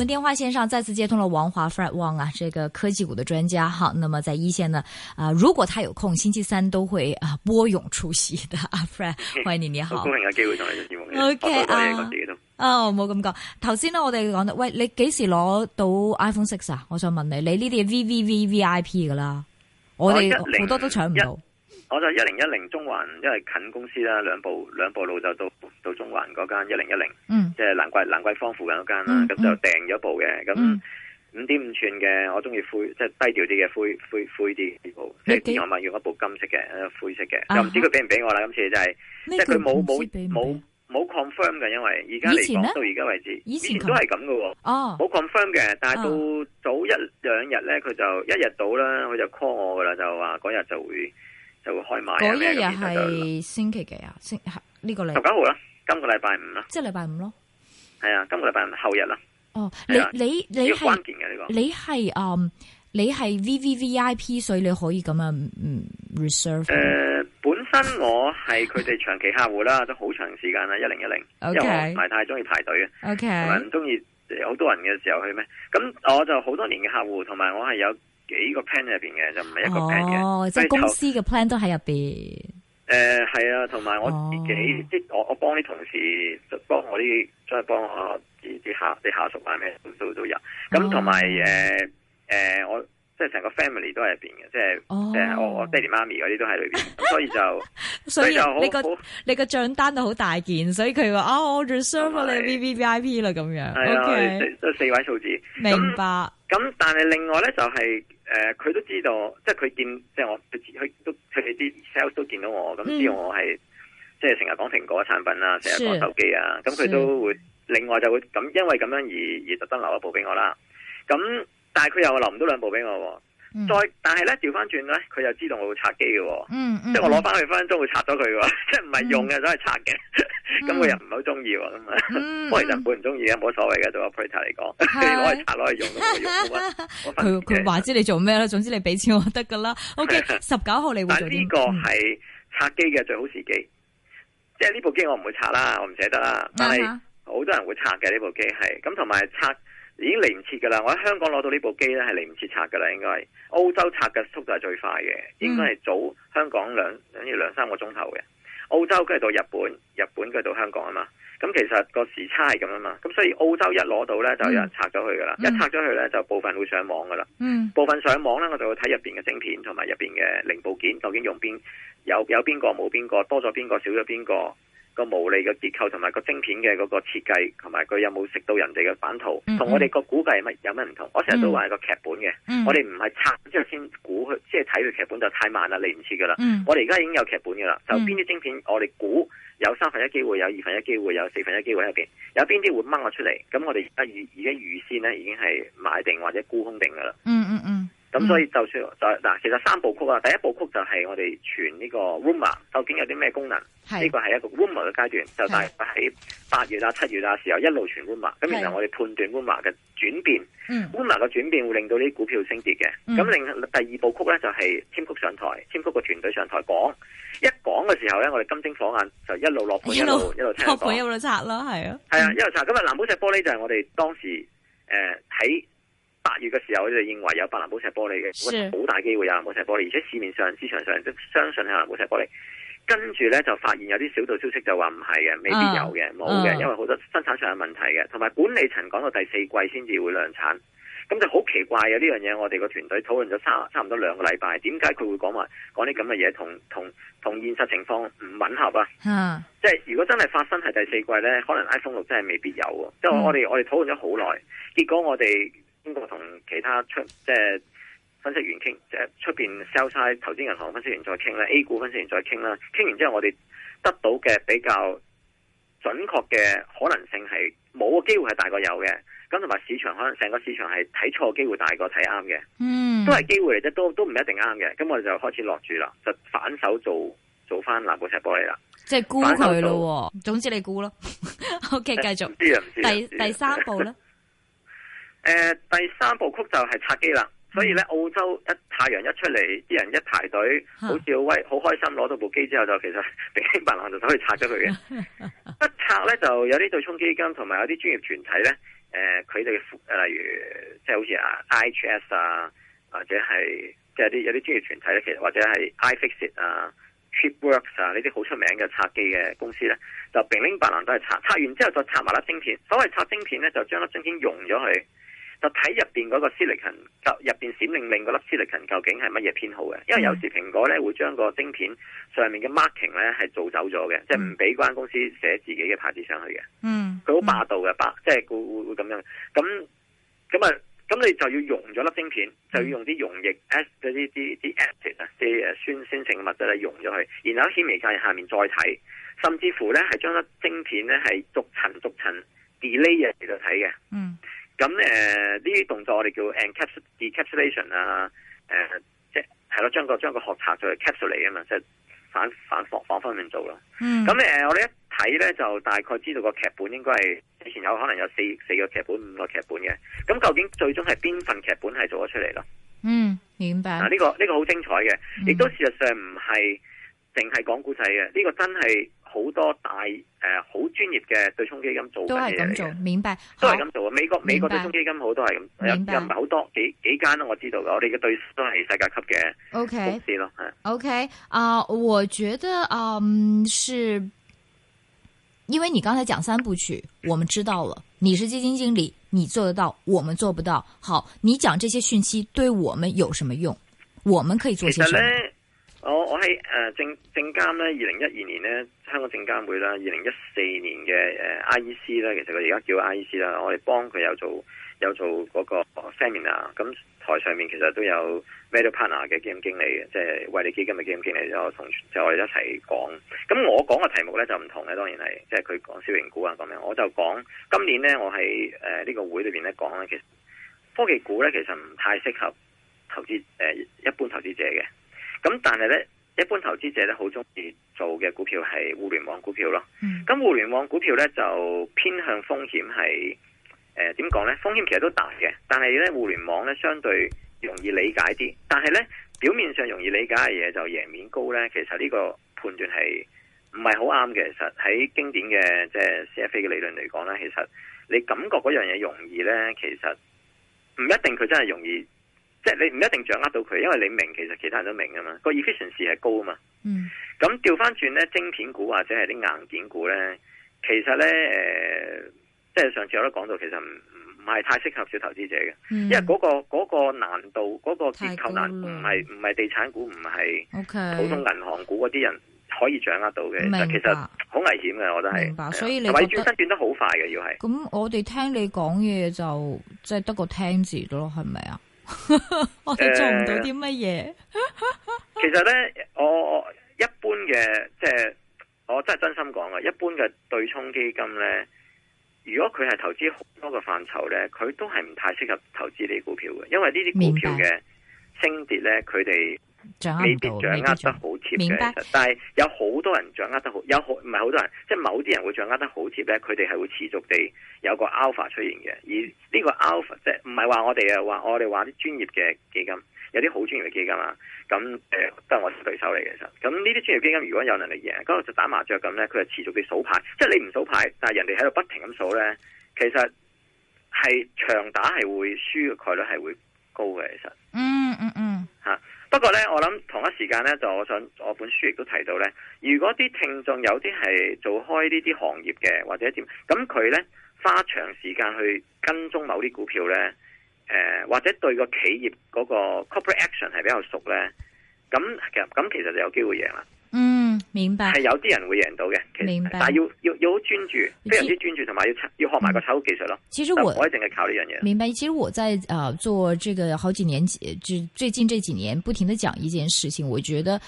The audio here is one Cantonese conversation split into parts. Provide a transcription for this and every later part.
我們電話線上再次接通了王華，Fred Wong 啊，這個科技股的專家哈。那麼在一、e、線呢，啊、呃，如果他有空，星期三都會啊撥冗出席的。的阿 Fred，歡迎你你好，歡迎有機會上嚟做節目嘅。好、uh, 啊，啊、哦，冇咁講。頭先呢，我哋講到，喂，你幾時攞到 iPhone Six 啊？我想問你，你呢啲 V V V V I P 嘅啦，我哋好多都搶唔到。Uh, 我就一零一零中環，因為近公司啦，兩步兩步路就到到中環嗰間一零一零，即係蘭桂蘭桂坊附近嗰間啦，咁就訂咗部嘅，咁五點五寸嘅，我中意灰，即係低調啲嘅灰灰灰啲部，即係另外買用一部金色嘅灰色嘅，咁唔知佢俾唔俾我啦，今次就係即係佢冇冇冇冇 confirm 嘅，因為而家嚟講到而家為止，以前都係咁嘅喎，冇 confirm 嘅，但係到早一兩日咧，佢就一日到啦，佢就 call 我噶啦，就話嗰日就會。就會開嗰、啊、一日係星期幾啊？星、這、呢個禮十九號啦，今個禮拜五啦。即係禮拜五咯。係啊，今個禮拜後日啦。哦，啊、你你你係關鍵嘅呢個。你係、嗯、你係 V V V I P，所以你可以咁啊嗯 reserve。誒、呃，本身我係佢哋長期客戶啦， 都好長時間啦，一零一零，又為我唔係太中意排隊嘅，唔中意好多人嘅時候去咩。咁我就好多年嘅客戶，同埋我係有。幾個 plan 入邊嘅，就唔係一個 plan 嘅。哦，即係公司嘅 plan 都喺入邊。誒，係啊，同埋我自己，即我我幫啲同事，幫我啲，即再幫我啲啲下啲下屬啊咩，都都有。咁同埋誒誒，我即係成個 family 都喺入邊嘅，即係即係我我爹哋媽咪嗰啲都喺裏邊，所以就所以你個你個賬單都好大件，所以佢話啊，我 reserve 你 V V V I P 啦，咁樣。係啊，都四位數字。明白。咁但係另外咧就係。誒，佢、呃、都知道，即係佢見，即係我佢佢都佢哋啲 sales 都見到我，咁、嗯、知道我係即係成日講蘋果產品啦，成日講手機啊，咁佢是都會是另外就會咁，因為咁樣而而特登留一部俾我啦。咁但係佢又留唔到兩部俾我。再，但係咧調翻轉咧，佢又知道我會拆機嘅，即係我攞翻去分分鐘會拆咗佢嘅，即係唔係用嘅都係拆嘅，咁我又唔係好中意喎，咁啊，我其實本唔中意嘅冇所謂嘅，做阿 Peter 嚟講，你攞去拆攞去用都冇用，佢佢話知你做咩咧？總之你俾錢我得噶啦。OK，十九號你會呢個係拆機嘅最好時機，即係呢部機我唔會拆啦，我唔捨得啦。但係好多人會拆嘅呢部機係，咁同埋拆。已經嚟唔切噶啦，我喺香港攞到呢部機咧，係嚟唔切拆噶啦，應該係澳洲拆嘅速度係最快嘅，應該係早香港兩等於兩三個鐘頭嘅。澳洲跟住到日本，日本跟住到香港啊嘛。咁其實個時差係咁啊嘛。咁所以澳洲一攞到咧，就有人拆咗佢噶啦。一拆咗佢咧，就部分會上網噶啦。部分上網咧，我就會睇入邊嘅晶片同埋入邊嘅零部件究竟用邊有，有邊個冇，邊個多咗邊個，少咗邊個。個毛利嘅結構同埋個晶片嘅嗰個設計，同埋佢有冇食到人哋嘅版圖，同我哋個估計係乜有乜唔同？嗯嗯，我成日都話係個劇本嘅，嗯、我哋唔係拆之後先估佢，即係睇佢劇本就太慢啦，嚟唔切噶啦。嗯、我哋而家已經有劇本噶啦，就邊啲晶片我哋估有三分一機會，有二分一機會，有四分一機會喺入邊，有邊啲會掹我出嚟，咁我哋啊預而家預先咧已經係買定或者沽空定噶啦。嗯嗯嗯。咁所以就算就嗱，其實三部曲啊，第一部曲就係我哋傳呢個 w o o m e r 究竟有啲咩功能？呢個係一個 w o o m e r 嘅階段，就大約喺八月啊、七月啊時候一路傳 w o o m e r 咁然後我哋判斷 w o o m e r 嘅轉變 w o o m e r 嘅轉變會令到呢啲股票升跌嘅。咁另第二部曲咧就係添谷上台，添谷個團隊上台講，一講嘅時候咧，我哋金睛火眼就一路落盤，一路一路聽佢講咯，係咯，係啊，一路查。今日藍寶石玻璃就係我哋當時誒喺。八月嘅時候，我就認為有白蘭寶石玻璃嘅，好是大機會有藍寶石玻璃，而且市面上、市場上都相信有藍寶石玻璃。跟住咧就發現有啲小道消息就話唔係嘅，未必有嘅，冇嘅、啊，嗯、因為好多生產上嘅問題嘅，同埋管理層講到第四季先至會量產，咁就好奇怪有呢樣嘢。我哋個團隊討論咗差差唔多兩個禮拜，點解佢會講話講啲咁嘅嘢同同同現實情況唔吻合啊？啊即係如果真係發生係第四季咧，可能 iPhone 六真係未必有。嗯、即係我哋我哋討論咗好耐，結果我哋。英國同其他出即係分析員傾，即係出邊 sell 差，投資銀行分析員再傾啦，A 股分析員再傾啦。傾完之後，我哋得到嘅比較準確嘅可能性係冇個機會係大過有嘅。咁同埋市場可能成個市場係睇錯機會大過睇啱嘅。嗯，都係機會嚟啫，都都唔一定啱嘅。咁我哋就開始落住啦，就反手做做翻藍寶石玻璃啦。即係沽佢咯。總之你沽咯。 OK，繼續。第第三步咧。 誒、呃，第三部曲就係拆機啦，所以咧澳洲，一太陽一出嚟，啲人一排隊，好似好威好開心攞到部機之後就其實乒鈴嘭唥就可以拆咗佢嘅。 一拆咧，就有啲對沖基金同埋有啲專業團體咧，誒、呃，佢哋例如即係好似啊 IHS 啊，或者係即係啲有啲專業團體咧，其實或者係 iFixit 啊、Chipworks 啊呢啲好出名嘅拆機嘅公司咧，就乒鈴嘭唥都係拆。拆完之後再拆埋粒晶片，所謂拆晶片咧，就將粒晶片融咗佢。就睇入邊嗰個 silicon，就入邊閃靈靈嗰粒 silicon 究竟係乜嘢偏好嘅？因為有時蘋果咧會將個晶片上面嘅 marking 咧係做走咗嘅，即係唔俾嗰間公司寫自己嘅牌子上去嘅。嗯，佢好霸道嘅、嗯、霸，即係會會咁樣。咁咁啊，咁你就要溶咗粒晶片，嗯、就要用啲溶液，即係啲啲啲 acid 啊，酸酸性嘅物質嚟溶咗佢，然後喺顯微鏡下面再睇，甚至乎咧係將粒晶片咧係逐層逐層 delay 啊嚟到睇嘅。嗯。咁誒，呢啲動作我哋叫 encapsulate、decapsulation 啊，誒、呃，即係咯，將個將個學冊再 capsulate 啊嘛，即係反反方面做咯。咁誒、嗯，我哋一睇咧，就大概知道個劇本應該係之前有可能有四四個劇本、五個劇本嘅。咁究竟最終係邊份劇本係做得出嚟咯？嗯，明白。嗱、啊，呢、呢個呢好、呢個、精彩嘅，亦都事實上唔係淨係講古仔嘅，呢、呢個真係。好多大誒，好、呃、專業嘅對沖基金做嘅嘢嚟嘅，都係咁做，明白，都係咁做啊！美國白美國對沖基金好白多係咁，又唔係好多幾幾間咯，我知道嘅，我哋嘅對都係世界級嘅，OK，公司咯，係 OK 啊、嗯 okay，呃！我覺得嗯、呃，是，因為你剛才講三部曲，我們知道了，你是基金經理，你做得到，我們做不到。好，你講這些訊息對我們有什麼用？我們可以做些什麼？我我喺誒證證監咧，二零一二年咧，香港證監會啦，二零一四年嘅誒 I E C 咧，其實佢而家叫 I E C 啦，我哋幫佢有做有做嗰個 seminar，咁台上面其實都有 Medal Partner 嘅基金經理嘅，即係惠理基金嘅基金經理就同就我哋一齊講，咁我講嘅題目咧就唔同嘅，當然係即係佢講小型股啊咁樣，我就講今年咧，我喺呢個會裏面咧講咧，其實科技股咧其實唔太適合投資一般投資者嘅。咁但係咧，一般投資者咧好中意做嘅股票係互聯網股票咯。咁、嗯、互聯網股票咧就偏向風險係，誒點講咧？風險其實都大嘅，但係咧互聯網咧相對容易理解啲。但係咧表面上容易理解嘅嘢就贏面高咧，其實呢個判斷係唔係好啱嘅。其實喺經典嘅即係 CFA 嘅理論嚟講咧，其實你感覺嗰樣嘢容易咧，其實唔一定佢真係容易。即係你唔一定掌握到佢，因為你明其實其他人都明噶嘛，個 efficiency 係高噶嘛。嗯。咁調翻轉咧，晶片股或者係啲硬件股咧，其實咧，誒、呃，即係上次我都講到，其實唔唔係太適合小投資者嘅。嗯。因為嗰、那個嗰、那個難度，嗰、那個結構難度，唔係唔係地產股，唔係 Okay。O K。普通銀行股嗰啲人可以掌握到嘅，白但其實好危險嘅，我都係。明白是所以你位轉得轉得好快嘅，要係。咁我哋聽你講嘢就即係得個聽字咯，係咪啊？ 我哋做唔到啲乜嘢？ 其實呢，我我一般嘅即係我真係真心講嘅，一般嘅對沖基金呢，如果佢係投資好多個範疇呢，佢都係唔太適合投資呢啲股票嘅，因為呢啲股票嘅升跌呢，佢哋，未必掌握得好貼嘅，其實，但係有好多人掌握得好，有好唔係好多人，即係某啲人會掌握得好貼咧，佢哋係會持續地有個 alpha 出現嘅。而呢個 alpha 即係唔係話我哋啊，話我哋話啲專業嘅基金，有啲好專業嘅基金啊。咁誒、呃、都係我哋對手嚟嘅，其實咁呢啲專業基金，如果有能力贏，嗰、嗰個就打麻雀咁咧，佢係持續地數牌，即係你唔數牌，但係人哋喺度不停咁數咧，其實係長打係會輸嘅概率係會高嘅，其實、嗯，嗯嗯嗯，吓、啊。不過呢，我諗同一時間呢，就我想我本書亦都提到呢，如果啲聽眾有啲係做開呢啲行業嘅或者點，咁佢呢花長時間去跟蹤某啲股票呢、呃，或者對個企業嗰個 corporate action 係比較熟呢，咁其實咁其實就有機會贏啦。明白，係有啲人會贏到嘅，其實，明白,但係要要要好專注，非常之專注，同埋要要學埋個炒股技術咯。嗯，其實我我一定係靠呢樣嘢。明白，其實我在啊做這個好幾年，就最近這幾年不停的講一件事情，我覺得。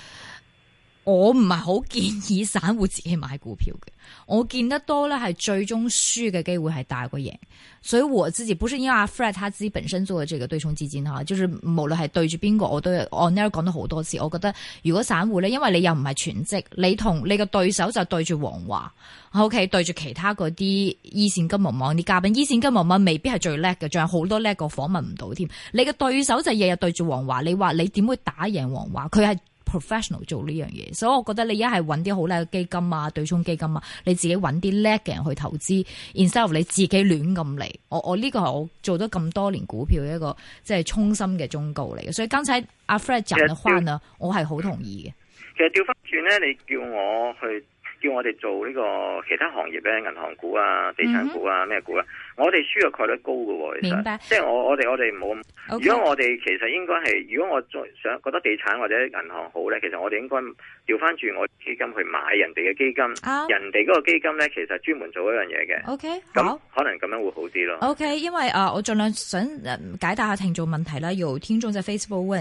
我唔係好建議散戶自己買股票嘅，我見得多咧，係最終輸嘅機會係大過贏。所以我自己本身因為 Fred 他自己本身做咗呢個對沖基金吓，就係無論係對住邊個，我都按呢講咗好多次。我覺得如果散戶咧，因為你又唔係全職，你同你嘅對手就對住王華，OK？對住其他嗰啲二線金融網啲嘉賓，二線金融網未必係最叻嘅，仲有好多叻個訪問唔到添。你嘅對手就日日對住王華，你話你點會打贏王華？佢係。professional 做呢樣嘢，所以我覺得你而家係揾啲好叻嘅基金啊，對沖基金啊，你自己揾啲叻嘅人去投資，instead 你自己亂咁嚟。我我呢個係我做咗咁多年股票嘅一個即係衷心嘅忠告嚟嘅。所以剛才阿 Fred 講翻啦，實我係好同意嘅。其實調翻轉咧，你叫我去。叫我哋做呢個其他行業咧，銀行股啊、地產股啊、咩、mm hmm. 股啊，我哋輸嘅概率高噶，明白？即係我我哋我哋 Okay. 我哋唔好。如果我哋其實應該係，如果我再想覺得地產或者銀行好咧，其實我哋應該調翻轉我基金去買人哋嘅基金，oh. 人哋嗰個基金咧其實專門做一 Okay. 樣嘢嘅。O K，咁可能咁樣會好啲咯。O、okay, K，因為誒、呃，我盡量想解答下聽眾問題啦。由聽眾就 Facebook 問：誒、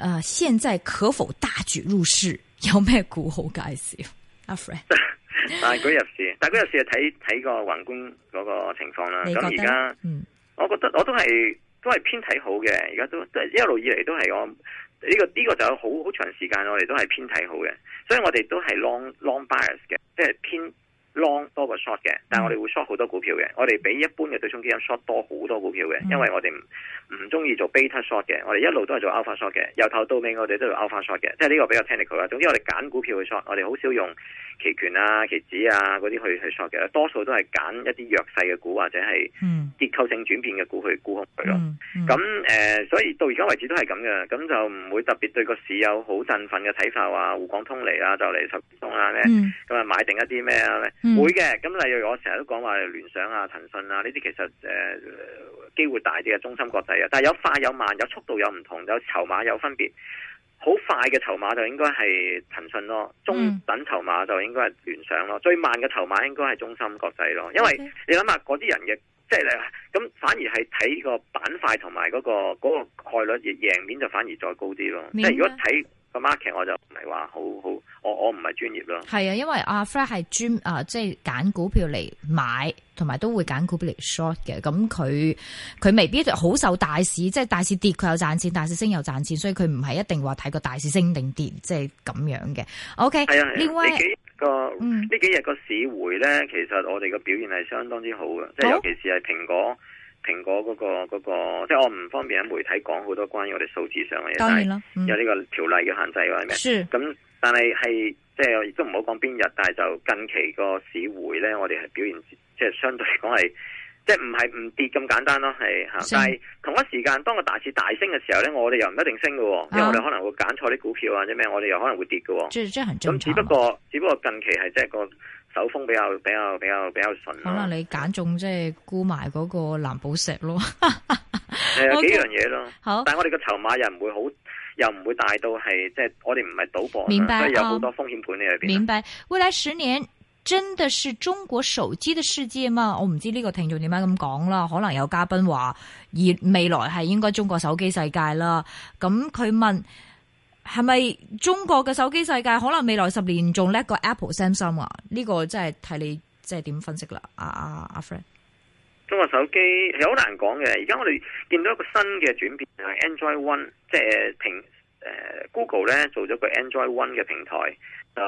呃，現在可否大舉入市？有咩股好介紹？但係 A、 啊、入市，但係入市係睇睇個宏觀嗰個情況啦。咁而家，我覺得我都係都係偏睇好嘅。而家都即係一路以嚟都係我呢、這個呢、這個就有好好長時間我哋都係偏睇好嘅，所以我哋都係 long long bias 嘅，即、就、係、是、偏。long 多過 short 嘅，但係我哋會 short 好多股票嘅。我哋比一般嘅對沖基金 short 多好多股票嘅，因為我哋唔唔中意做 beta short 嘅，我哋一路都係做 alpha short 嘅，由頭到尾我哋都係 alpha short 嘅，即係呢個比較 technical 啦。總之我哋揀股票去 short，我哋好少用期權啊、期指啊嗰啲去去 short 嘅，多數都係揀一啲弱勢嘅股或者係結構性轉變嘅股去沽空佢咯。咁誒、嗯嗯呃，所以到而家為止都係咁嘅，咁就唔會特別對個市有好振奮嘅睇法話滬港通嚟啊，就嚟十通啊咩，咁啊買定一啲咩啊。會嘅，咁例如我成日都講話聯想啊、騰訊啊呢啲，其實誒機會大啲嘅中心國際啊，但係有快有慢，有速度有唔同，有籌碼有分別。好快嘅籌碼就應該係騰訊咯，中等籌碼就應該係聯想咯，最慢嘅籌碼應該係中心國際咯。因為 Okay. 你諗下嗰啲人嘅，即係咧，咁反而係睇個板塊同埋嗰個嗰個概率，而贏面就反而再高啲咯。呢即係如果睇。個 market 我就唔係話好好，我我唔係專業咯。係啊，因為阿 Fred 係專啊，即係揀股票嚟買，同埋都會揀股票嚟 short 嘅。咁佢佢未必好受大市，即係大市跌佢又賺錢，大市升又賺錢，所以佢唔係一定話睇個大市升定跌，即係咁樣嘅。OK。係啊，呢幾個呢、嗯、幾日個市回咧，其實我哋個表現係相當之好嘅，即係、哦、尤其是係蘋果。蘋果嗰個嗰個，即係我唔方便喺媒體講好多關於我哋數字上嘅嘢，嗯、因為有呢個條例嘅限制或者咩，咁是但係係即係我亦都唔好講邊日，但係就近期個市會咧，我哋係表現即係相對嚟講係，即係唔係唔跌咁簡單咯，係吓。是但係同一時間，當個大市大升嘅時候咧，我哋又唔一定升喎，因為我哋可能會揀錯啲股票或者咩，我哋又可能會跌嘅。這是這很正常。咁只不過只不過近期係即係個。手風比較比較比較比較順，可能你揀中即係估埋嗰個藍寶石咯，係、 嗯、幾樣嘢咯。Okay. 好，但係我哋個籌碼又唔會好，又唔會大到係，即係我哋唔係賭博，明白。所以有好多風險盤喺裏邊。明白。未來十年真的是中國手機的世界啊嘛！我唔知呢個聽眾點解咁講啦，可能有嘉賓話，而未來係應該中國手機世界啦。咁佢問。係咪中國嘅手機世界，可能未來十年仲叻過 Apple、Samsung 啊？呢、這個真係睇你即係點分析啦、啊，阿阿阿 friend。啊、中國手機係好難講嘅，而家我哋見到一個新嘅轉變，係 Android One，即係平誒 Google 咧做咗個 Android One 嘅平台，就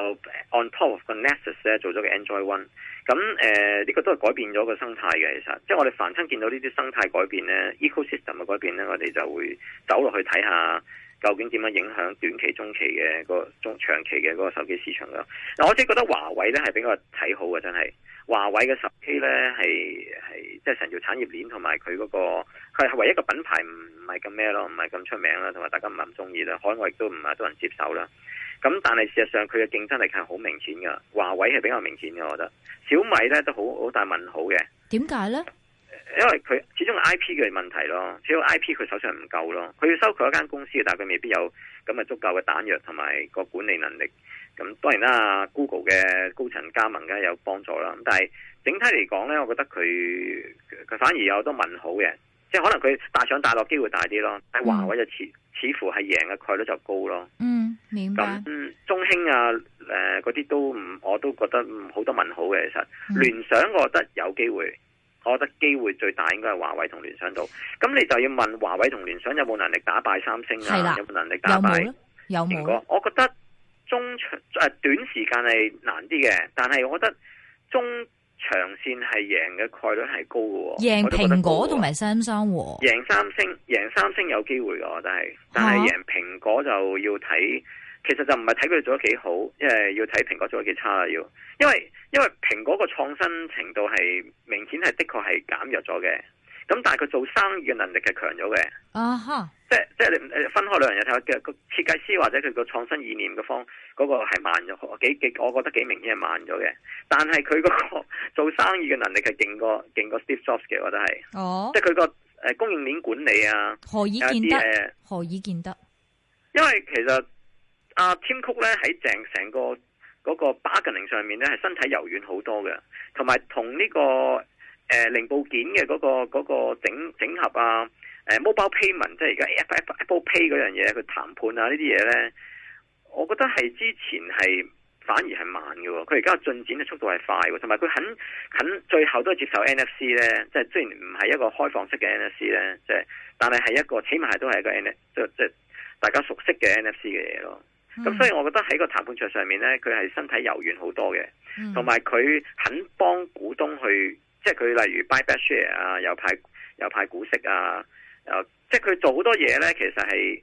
On Top Of The Nexus 咧做咗個 Android One。咁誒呢個都係改變咗個生態嘅，其實即係我哋凡親見到呢啲生態改變咧，ecosystem 嘅改變咧，我哋就會走落去睇下。究竟點樣影響短期、中期嘅個中長期嘅嗰個手機市場嗱，我即係覺得華為咧係比較睇好嘅，真係。華為嘅十 K 咧係係即係成條產業鏈同埋佢嗰個，佢係唯一一個品牌唔唔係咁咩咯，唔係咁出名啦，同埋大家唔係咁中意啦，海外亦都唔係多人接受啦。咁但係事實上佢嘅競爭力係好明顯噶，華為係比較明顯嘅，我覺得。小米咧都好好大問號嘅。點解咧？因為佢始終係 I P 嘅問題咯，始終 I P 佢手上唔夠咯，佢要收購一間公司，但係佢未必有咁嘅足夠嘅彈藥同埋個管理能力。咁當然啦，Google 嘅高層加盟梗係有幫助啦。咁但係整體嚟講咧，我覺得佢佢反而有好多問號嘅，即係可能佢大上大落機會大啲咯。但係華為就似似乎係贏嘅概率就高咯。嗯，明白。咁中興啊，誒嗰啲都唔，我都覺得好多問號嘅。其實、嗯、聯想我覺得有機會。我覺得機會最大應該係華為同聯想度，咁你就要問華為同聯想有冇能力打敗三星啊？有冇能力打敗有蘋果？我覺得中長誒短時間係難啲嘅，但係我覺得中長線係贏嘅概率係高嘅。贏蘋果同埋三星，贏三星，贏三星有機會嘅，但係但係贏蘋果就要睇。其實就唔係睇佢哋做得幾好，因為要睇蘋果做得幾差啦。要，因為因為蘋果個創新程度係明顯係的確係減弱咗嘅。咁但係佢做生意嘅能力係強咗嘅。啊哈、uh huh.！即係即係你分開兩樣嘢睇，佢個設計師或者佢個創新意念嘅方嗰、那個係慢咗，幾幾我覺得幾明顯係慢咗嘅。但係佢嗰個做生意嘅能力係勁過勁過 Steve Jobs 嘅，我覺得係。哦、uh。Huh. 即係佢個誒供應鏈管理啊，有啲誒何以見得？何以見得？因為其實。啊，Tim Cook 咧喺成成個嗰個 bargaining 上面咧，係身體柔軟好多嘅，同埋同呢個誒、呃、零部件嘅嗰、嗰個、嗰個整整合啊，誒、呃、mobile payment 即係而家 Apple Pay 嗰樣嘢，佢談判啊呢啲嘢咧，我覺得係之前係反而係慢嘅，佢而家進展嘅速度係快的，同埋佢肯肯最後都係接受 NFC 咧，即、就、係、是、雖然唔係一個開放式嘅 NFC 咧，即、就、係、是、但係係一個起碼係都係一個即即、就是就是、大家熟悉嘅 NFC 嘅嘢咯。咁、嗯、所以我覺得喺個談判桌上面咧，佢係身體柔軟好多嘅，同埋佢肯幫股東去，即係佢例如 buy back share 啊，又派又派股息啊，誒，即係佢做好多嘢咧。其實係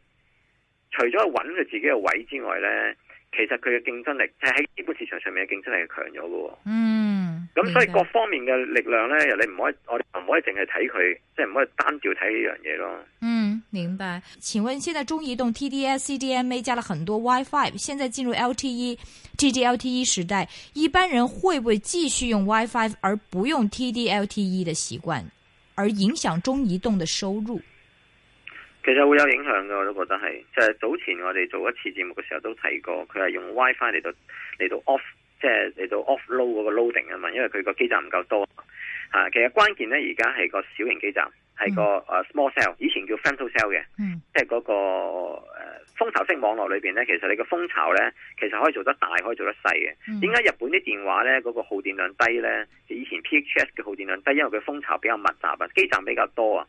除咗穩佢自己嘅位之外咧，其實佢嘅競爭力即係喺資本市場上面嘅競爭力係強咗嘅。嗯，咁所以各方面嘅力量咧，又你唔可以，我哋唔可以淨係睇佢，即係唔可以單調睇呢樣嘢咯。嗯。明白，請問現在中移動 TD-SCDMA 加了很多 WiFi，現在進入 LTE、TD LTE 時代，一般人會不會繼續用 WiFi 而不用 TDLTE 的習慣，而影響中移動的收入？其實會有影響嘅，我都覺得係，即係早前我哋做一次節目嘅時候都提過，佢係用 WiFi 嚟到嚟到 off，即係嚟到 off load 嗰個 loading 啊嘛，因為佢個基站唔夠多，吓、啊，其實關鍵咧而家係個小型基站。係個誒 small cell，以前叫 femto cell 嘅。嗯、即係嗰個誒蜂巢式網絡裏邊咧，其實你個蜂巢咧，其實可以做得大，可以做得細嘅。點解、嗯、日本啲電話咧嗰、嗰個耗電量低咧？就以前 PHS 嘅耗電量低，因為佢蜂巢比較密集啊，基站比較多啊。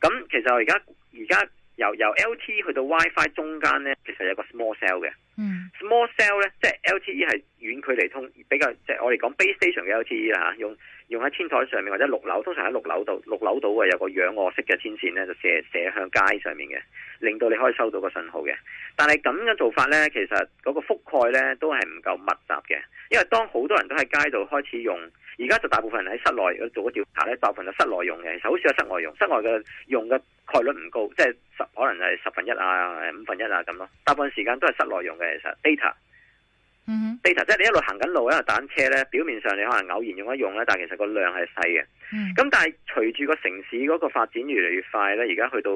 咁、嗯、其實而家而家由由 LTE 去到 WiFi 中間咧，其實有個 sm cell 嘅、嗯、small cell 嘅。small cell 咧，即係 LTE 係。距離通比較即係我哋講 base station 嘅 LTE 啦嚇，用用喺天台上面或者六樓，通常喺六樓度六樓度嘅有個仰臥式嘅天線咧，就射射向街上面嘅，令到你可以收到個信號嘅。但係咁嘅做法咧，其實嗰個覆蓋咧都係唔夠密集嘅，因為當好多人都喺街度開始用，而家就大部分人喺室內。我做咗調查咧，大部分喺室內用嘅，其實好少室外用。室外嘅用嘅概率唔高，即係十可能係十分一啊，五分一啊咁咯。大部分時間都係室內用嘅，其實 data。嗯 data 即係你一路行緊路，一路打緊車咧。表面上你可能偶然用一用咧，但係其實個量係細嘅。咁但係隨住個城市嗰個發展越嚟越快咧，而家去到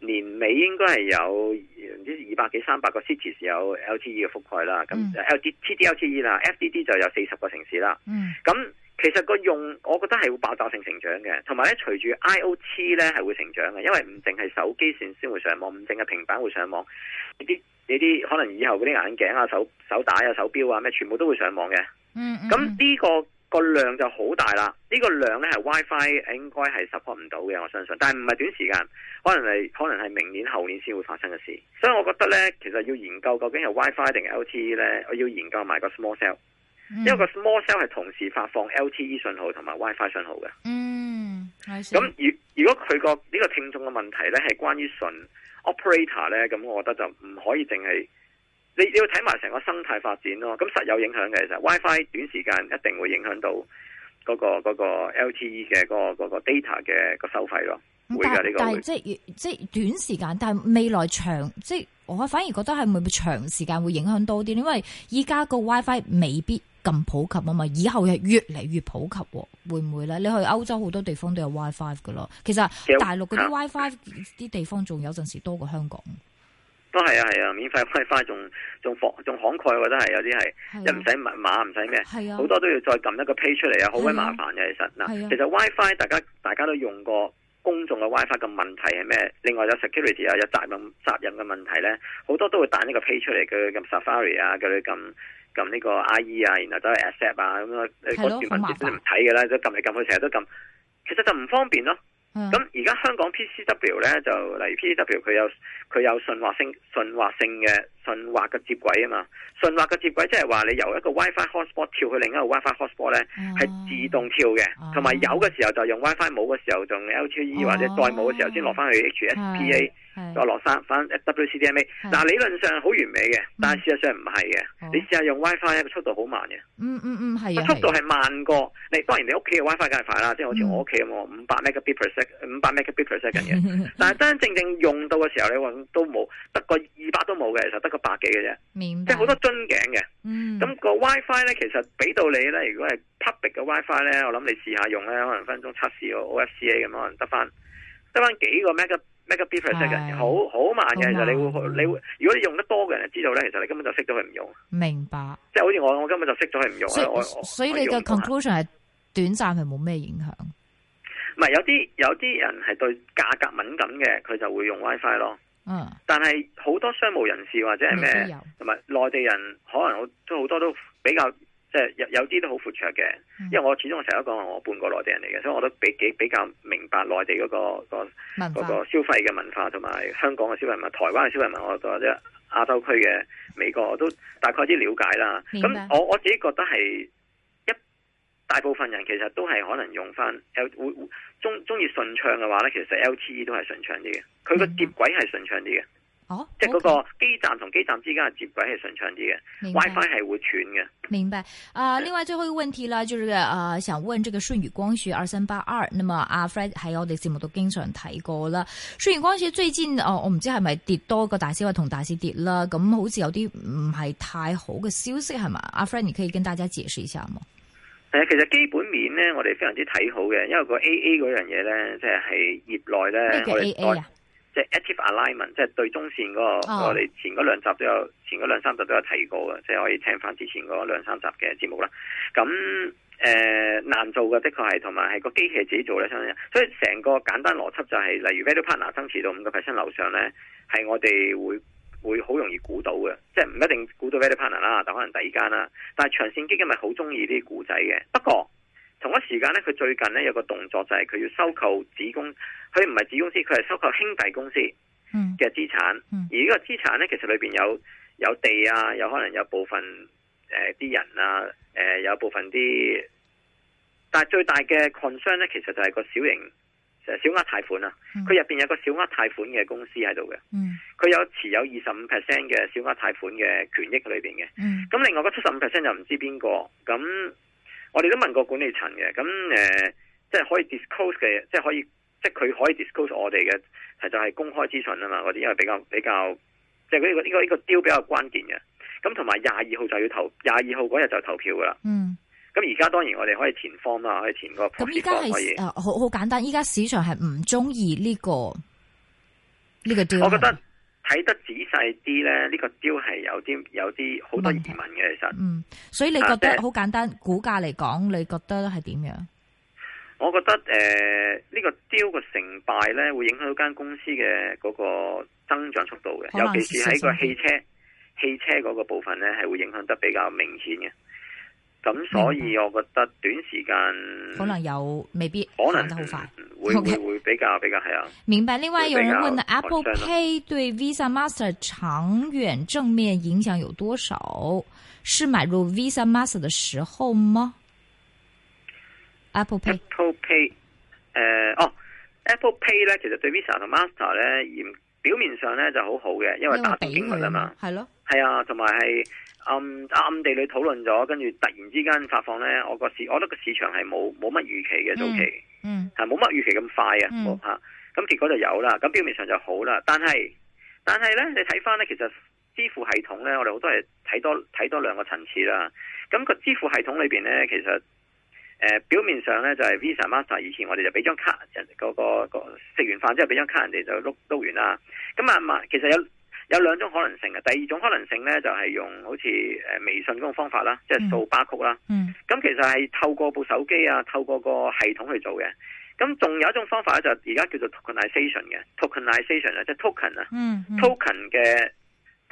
年尾應該係有唔知二百幾三百個 cities 有 LTE 嘅覆蓋啦。咁 LTE TD、LTE 啦，FDD 就有四十個城市啦。咁其實個用，我覺得係會爆炸性成長嘅，同埋咧，隨住 IOT 咧係會成長嘅，因為唔淨係手機線先會上網，唔淨係平板會上網，呢啲呢啲可能以後嗰啲眼鏡啊、手手帶啊、手表啊咩，全部都會上網嘅。嗯咁、嗯、呢、嗯呢個、呢個量就好大啦，呢、呢個量咧係 WiFi 應該係 support 唔到嘅，我相信。但係唔係短時間，可能係可能係明年後年先會發生嘅事。所以我覺得咧，其實要研究究竟係 WiFi 定係 LTE 咧，我要研究埋個 small cell。因為個 small cell 係同時發放 LTE 信號同埋 WiFi 信號嘅，嗯，咁如如果佢個呢個聽眾嘅問題咧係關於信 operator 咧，咁我覺得就唔可以淨係你你要睇埋成個生態發展咯。咁實有影響嘅就係 WiFi 短時間一定會影響到嗰個嗰個 LTE 嘅但個嗰個 data 嘅個收費咯。但但即係即係短時間，但係未來長即係我反而覺得係會長時間會影響多啲，因為依家個 WiFi 未必。咁普及啊嘛，以後係越嚟越普及，會唔會咧？你去歐洲好多地方都有 WiFi 噶咯。其實大陸嗰啲 WiFi 啲地方仲有陣時多過香港。都係啊，係啊，免費 WiFi 仲仲仲慷慨，我覺得係有啲係、啊、又唔使密碼，唔使咩，好、啊、多都要再撳一個 pay 出嚟啊，好鬼麻煩嘅。其實嗱，啊啊、其實 WiFi 大家大家都用過，公眾嘅 WiFi 嘅問題係咩？另外有 security 啊，有責任責任嘅問題咧，好多都會彈一個 pay 出嚟嘅咁 Safari 啊，嗰啲咁。撳呢個 I E 啊，然後走去 accept 啊咁咯，嗰段文字都唔睇嘅啦，都撳嚟撳去成日都撳，其實就唔方便咯。咁而家香港 P C W 咧就，例如 P C W 佢有佢有順滑性、順滑性嘅順滑嘅接軌啊嘛，順滑嘅接軌即係話你由一個 WiFi hotspot 跳去另一個 WiFi hotspot 咧係、嗯、自動跳嘅，同埋、嗯、有嘅時候就用 WiFi，冇嘅時候仲 L T E、嗯、或者再冇嘅時候先落翻去 H S P A、嗯。嗯就落是山返 WCDMA，嗱是理論上好完美嘅，但係事實上唔係嘅。嗯、你試下用 WiFi，一個速度好慢嘅、嗯。嗯嗯嗯，係啊。速度係慢過是的你，當然你屋企嘅 WiFi 梗係快啦，即係好似我屋企咁，五百 Mbps，五百 Mbps 咁嘅。 但係真真正正用到嘅時候，你話都冇，得個二百都冇嘅，其實得個百幾嘅啫。明白。即係好多樽頸嘅。咁個 WiFi 咧，其實俾到你咧，如果係 public 嘅 WiFi 咧，我諗你試下用咧，可能分鐘測試個 OFCA 咁，可能得翻得翻幾個 Mbps。Make f f r e 好好慢嘅。其實慢你會、嗯、你會，如果你用得多嘅人知道咧，其實你根本就識咗佢唔用。明白，即係好似我，我根本就識咗佢唔用。所以我所以你嘅 conclusion 係短暫，係冇咩影響。唔係有啲有啲人係對價格敏感嘅，佢就會用 WiFi 咯。嗯。但係好多商務人士或者係咩，同埋內地人，可能都好多都比較。即係有有啲都好闊綽嘅，因為我始終成日都講我半個內地人嚟嘅，所以我都比比比較明白內地嗰、嗰個、嗰個消費嘅文化同埋香港嘅消費文化、台灣嘅消費文化，我都或者亞洲區嘅美國我都大概啲了解啦。咁我我自己覺得係一大部分人其實都係可能用翻 L 會會中鍾意順暢嘅話咧，其實 LTE 都係順暢啲嘅，佢個疊軌係順暢啲嘅。哦，即係個基站同基站之間嘅接軌係順暢啲嘅，WiFi 係會斷嘅。明白，明白啊！另外最後一個問題啦，就是啊、呃，想問這個舜宇光學二三八二，那麼阿、啊、friend 喺我哋節目都經常睇過啦。舜宇光學最近，哦、呃，我唔知係咪跌多個大市或同大市跌啦。咁好似有啲唔係太好嘅消息係嘛？阿、啊、friend，你可以跟大家解釋一下冇？誒、啊，其實基本面呢我哋非常之睇好嘅，因為個 A A 嗰樣嘢咧，即係係業內咧，我哋 A A 啊。即係 active alignment，即係對中線嗰，那個，oh. 我哋前嗰兩集都有，前嗰兩三集都有提過嘅。即、就、係、是，可以聽翻之前嗰兩三集嘅節目啦。咁誒、呃、難做嘅，的確係同埋係個機器自己做咧，相因。所以成個簡單邏輯就係、是，例如 Value Partner 增持到五個 percent 樓上咧，係我哋會會好容易估到嘅，即係唔一定估到 Value Partner 啦，但可能第二間啦。但係長線基金咪好中意呢啲古仔嘅，不過。同一時間咧，佢最近咧有個動作就係佢要收購子公，佢唔係子公司，佢係收購兄弟公司嘅資產。而呢個資產咧，其實裏邊有有地啊，有可能有部分誒啲、呃、人啊，誒、呃、有部分啲，但係最大嘅 concern 咧，其實就係個小型小額貸款啊，佢入邊有個小額貸款嘅公司喺度嘅，佢、嗯、有持有二十五 percent 嘅小額貸款嘅權益裏邊嘅。咁、嗯、另外嗰七十五 percent 就唔知邊個咁。我哋都問過管理層嘅，咁誒、呃，即係可以 disclose 嘅，即係可以，即係佢可以 disclose 我哋嘅，係就係、是、公開資訊啊嘛，嗰啲因為比較比較，即係呢、這個呢、這個呢個 deal 比較關鍵嘅。咁同埋廿二號就要投，廿二號嗰日就投票噶啦。嗯。咁而家當然我哋可以填方啦，可以填，form，可以填個 proxy。咁而家係誒，好好簡單。而家市場係唔中意呢個呢、這個 deal。我覺得。睇得仔細啲呢，呢、這個雕係有啲有啲好多疑問嘅，其實。嗯，所以你覺得好、啊、簡單？股價嚟講，你覺得係點樣？我覺得誒，呢、呃這個雕個成敗呢，會影響間公司嘅嗰個增長速度嘅，試試尤其是喺個汽車、汽車嗰個部分呢，係會影響得比較明顯嘅。咁所以，我覺得短時間可能有未必可能得好快，會會比較比較係啊。明白。另外，有人問 Apple Pay 對 Visa Master 長遠正面影響有多少？嗯、是買入 Visa Master 嘅時候嗎？Apple Pay，Apple Pay，哦，Apple Pay 咧、呃哦，其實對 Visa 同 Master 咧，表面上咧就好好嘅，因為打動佢啦嘛，係咯，係啊，同埋係。暗暗地裏討論咗，跟住突然之間發放呢。我個市，我覺得個市場係冇冇乜預期嘅早期，係冇乜預期咁快啊吓，咁、嗯、結果就有啦，咁表面上就好啦，但係但係呢，你睇翻呢，其實支付系統呢，我哋好多人睇多睇多兩個層次啦。咁、那個支付系統裏邊呢，其實誒、呃、表面上呢，就係、是、Visa Master，以前我哋就俾張卡人嗰、那個食完飯之後俾張卡人哋就碌碌完啦。咁啊嘛，其實有。有兩種可能性嘅，第二種可能性咧就係用好似誒微信嗰種方法啦，即係掃巴曲啦。嗯，咁其實係透過部手機啊，透過個系統去做嘅。咁仲有一種方法咧就而家叫做 tokenization 嘅，tokenization 呢、嗯、即係 token 啊，token 嘅。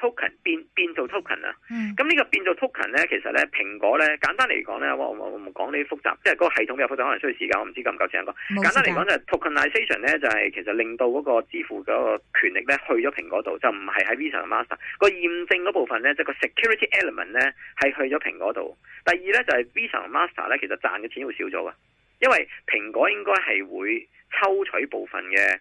token 變變做 token 啊！咁呢、嗯、個變做 token 咧，其實咧蘋果咧簡單嚟講咧，我我我唔講呢啲複雜，即係嗰個系統比較複雜，可能需要時間，我唔知有有夠唔夠時間講。簡單嚟講就係 tokenization 咧，就係、是、其實令到嗰個支付嗰個權力咧去咗蘋果度，就唔係喺 Visa 同 Master、個驗證嗰部分咧，即、就、係、是、個 security element 咧係去咗蘋果度。第二咧就係、是、Visa 同 Master 咧，其實賺嘅錢會少咗啊，因為蘋果應該係會抽取部分嘅。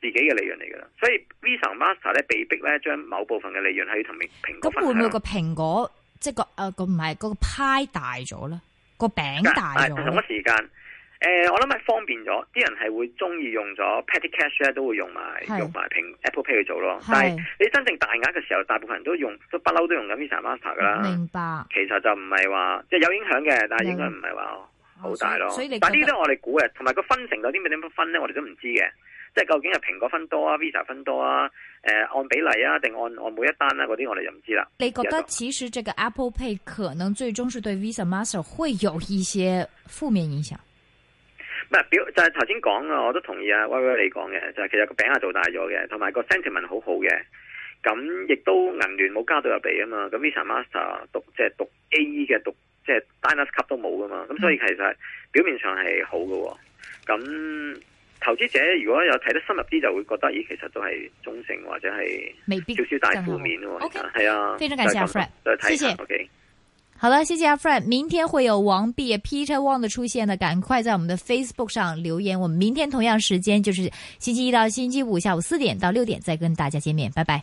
自己嘅利潤嚟噶啦，所以 Visa Master 咧被逼咧將某部分嘅利潤喺同蘋咁會唔會蘋個蘋果即係個誒個唔係個派大咗咧個餅大咗？同乜時間誒、呃？我諗係方便咗，啲人係會中意用咗 Petty Cash 咧，都會用埋的用埋蘋 Apple Pay 去做咯。的但係你真正大額嘅時候，大部分人都用都不嬲都用緊 Visa Master 噶啦。明白。其實就唔係話即係有影響嘅，但係應該唔係話好大咯，大咯、哦所。所以你、就是、但係呢啲我哋估嘅，同埋個分成嗰啲咪點樣分咧？我哋都唔知嘅。即係究竟係蘋果分多啊，Visa 分多啊？誒、呃，按比例啊，定按按每一單啊？嗰啲我哋就唔知啦。你覺得其實這個 Apple Pay 可能最終是對 Visa、Master 會有一些負面影響？唔係表就係頭先講啊，我都同意啊威威你講嘅，就係、是、其實個餅係做大咗嘅，同埋個 sentiment 好好嘅。咁亦都銀聯冇加到入嚟啊嘛。咁 Visa、Master 讀即係、就是、讀 A E 嘅讀即係 Diners Club 卡都冇噶嘛。咁、嗯、所以其實表面上係好嘅咁、哦。投資者如果有睇得深入啲，就會覺得咦、哎，其實都係中性或者係未必，少少大負面，係啊，非常感謝阿講、啊、Fred，謝謝。OK，好了，謝謝阿、啊、Fred。明天會有王畢 Peter Wong 的出現，呢，趕快在我們的 Facebook 上留言。我們明天同樣時間，就是星期一到星期五下午四點到六點，再跟大家見面。拜拜。